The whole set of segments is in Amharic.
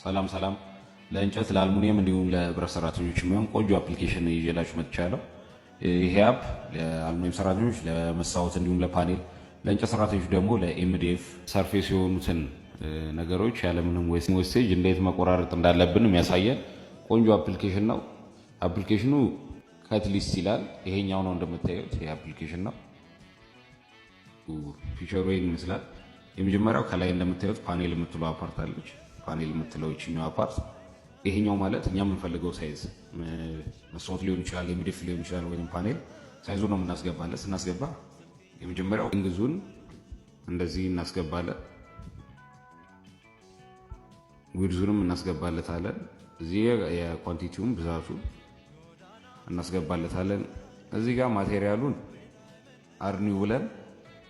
ሰላም ሰላም። ለእንጨት ለአልሙኒየም እንዲሁም ለብረት ሰራተኞች የሚሆን ቆንጆ አፕሊኬሽን ይዤላችሁ መጥቻለሁ። ይሄ አፕ ለአልሙኒየም ሰራተኞች ለመሳወት፣ እንዲሁም ለፓኔል፣ ለእንጨት ሰራተኞች ደግሞ ለኤምዲኤፍ ሰርፌስ የሆኑትን ነገሮች ያለምንም ዌስቴጅ እንዴት መቆራረጥ እንዳለብን የሚያሳየን ቆንጆ አፕሊኬሽን ነው። አፕሊኬሽኑ ከትሊስት ይላል። ይሄኛው ነው እንደምታዩት፣ ይሄ አፕሊኬሽን ነው። ፊቸሩ ይህን ይመስላል። የመጀመሪያው ከላይ እንደምታዩት ፓኔል የምትለው አፓርት አለች። ፓኔል የምትለው ይችኛዋ ፓርት ይሄኛው ማለት እኛ የምንፈልገው ሳይዝ መስታወት ሊሆን ይችላል፣ የሚድፍ ሊሆን ይችላል፣ ወይም ፓኔል ሳይዙ ነው የምናስገባለን። ስናስገባ የመጀመሪያው ንግዙን እንደዚህ እናስገባለን። ዊድዙንም እናስገባለታለን። እዚህ የኳንቲቲውም ብዛቱ እናስገባለታለን። እዚህ ጋር ማቴሪያሉን አርኒው ብለን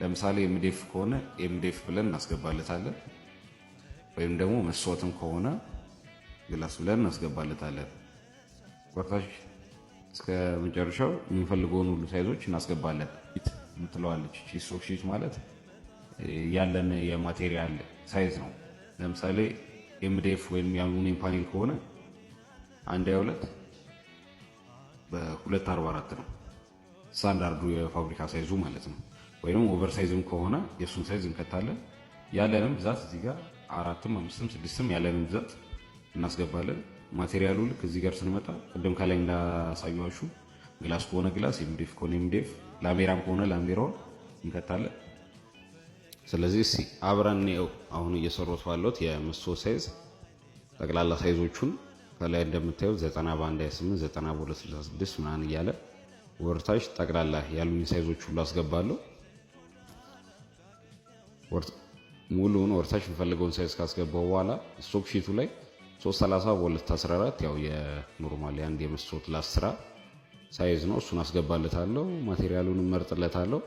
ለምሳሌ ኤምዴፍ ከሆነ ኤምዴፍ ብለን እናስገባለታለን። ወይም ደግሞ መስዋዕትም ከሆነ ግላሱ ብለን እናስገባለታለን። ቆርታች እስከ መጨረሻው የምንፈልገውን ሁሉ ሳይዞች እናስገባለን። ት ምትለዋለች ሶክሲት ማለት ያለን የማቴሪያል ሳይዝ ነው። ለምሳሌ ኤምዴፍ ወይም የአሉሚኒየም ፓኔል ከሆነ አንድ ሃያ ሁለት በሁለት አርባ አራት ነው ስታንዳርዱ የፋብሪካ ሳይዙ ማለት ነው። ወይም ኦቨርሳይዝም ከሆነ የእሱን ሳይዝ እንከታለን። ያለንም ብዛት እዚህ ጋር አራትም አምስትም ስድስትም ያለንን ብዛት እናስገባለን። ማቴሪያሉ ልክ እዚህ ጋር ስንመጣ ቅድም ከላይ እንዳሳየኋችሁ ግላስ ከሆነ ግላስ፣ ኤምዲኤፍ ከሆነ ኤምዲኤፍ፣ ላሜራም ከሆነ ላሜራውን እንከታለን። ስለዚህ እስኪ አብረን እንየው። አሁን እየሰሩት ባለት የምሶ ሳይዝ ጠቅላላ ሳይዞቹን ከላይ እንደምታዩት 90 በ128 90 በ266 ምናምን እያለ ወርታች ጠቅላላ ያሉኝ ሳይዞች ሁሉ አስገባለሁ። ሙሉውን ወርሳሽ የሚፈልገውን ሳይዝ ካስገባው በኋላ ስቶፕ ሺቱ ላይ 330 በ214 ያው የኖርማል የአንድ የመስቶት ላስ ስራ ሳይዝ ነው። እሱን አስገባለታለሁ። ማቴሪያሉን መርጥለታለሁ።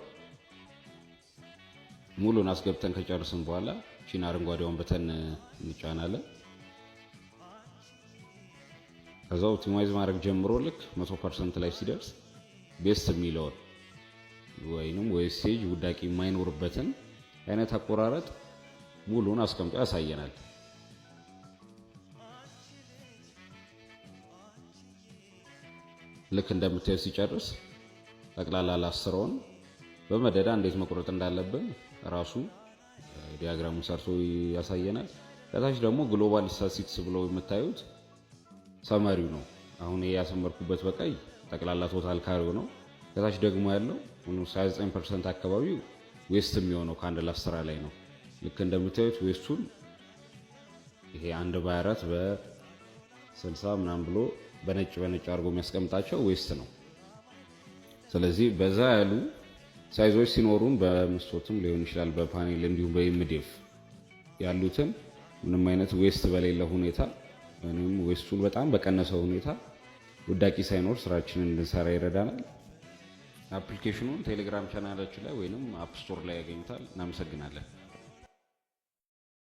ሙሉን አስገብተን ከጨርስን በኋላ ቺን አረንጓዴውን በተን እንጫናለን። ከዛ ኦፕቲማይዝ ማድረግ ጀምሮ ልክ 100 ላይ ሲደርስ ቤስት የሚለውን ወይንም ወይም ሴጅ ውዳቂ የማይኖርበትን አይነት አቆራረጥ ሙሉን አስቀምጦ ያሳየናል። ልክ እንደምታዩ ሲጨርስ ጠቅላላ ላስረውን በመደዳ እንዴት መቁረጥ እንዳለብን ራሱ ዲያግራሙን ሰርቶ ያሳየናል። ከታች ደግሞ ግሎባል ስታቲስቲክስ ብለው የምታዩት ሰመሪው ነው። አሁን ያሰመርኩበት በቀይ ጠቅላላ ቶታል ካሪው ነው። ከታች ደግሞ ያለው 29 ፐርሰንት አካባቢ ዌስት የሚሆነው ከአንድ ላስራ ላይ ነው። ልክ እንደምታዩት ዌስቱን ይሄ አንድ ባይ አራት በ60 ምናምን ብሎ በነጭ በነጭ አድርጎ የሚያስቀምጣቸው ዌስት ነው። ስለዚህ በዛ ያሉ ሳይዞች ሲኖሩን በመስቶትም ሊሆን ይችላል በፓኔል እንዲሁም በኢምዴፍ ያሉትን ምንም አይነት ዌስት በሌለ ሁኔታ ወይም ዌስቱን በጣም በቀነሰ ሁኔታ ውዳቂ ሳይኖር ስራችንን እንድንሰራ ይረዳናል። አፕሊኬሽኑን ቴሌግራም ቻናላችን ላይ ወይም አፕ ስቶር ላይ ያገኙታል። እናመሰግናለን።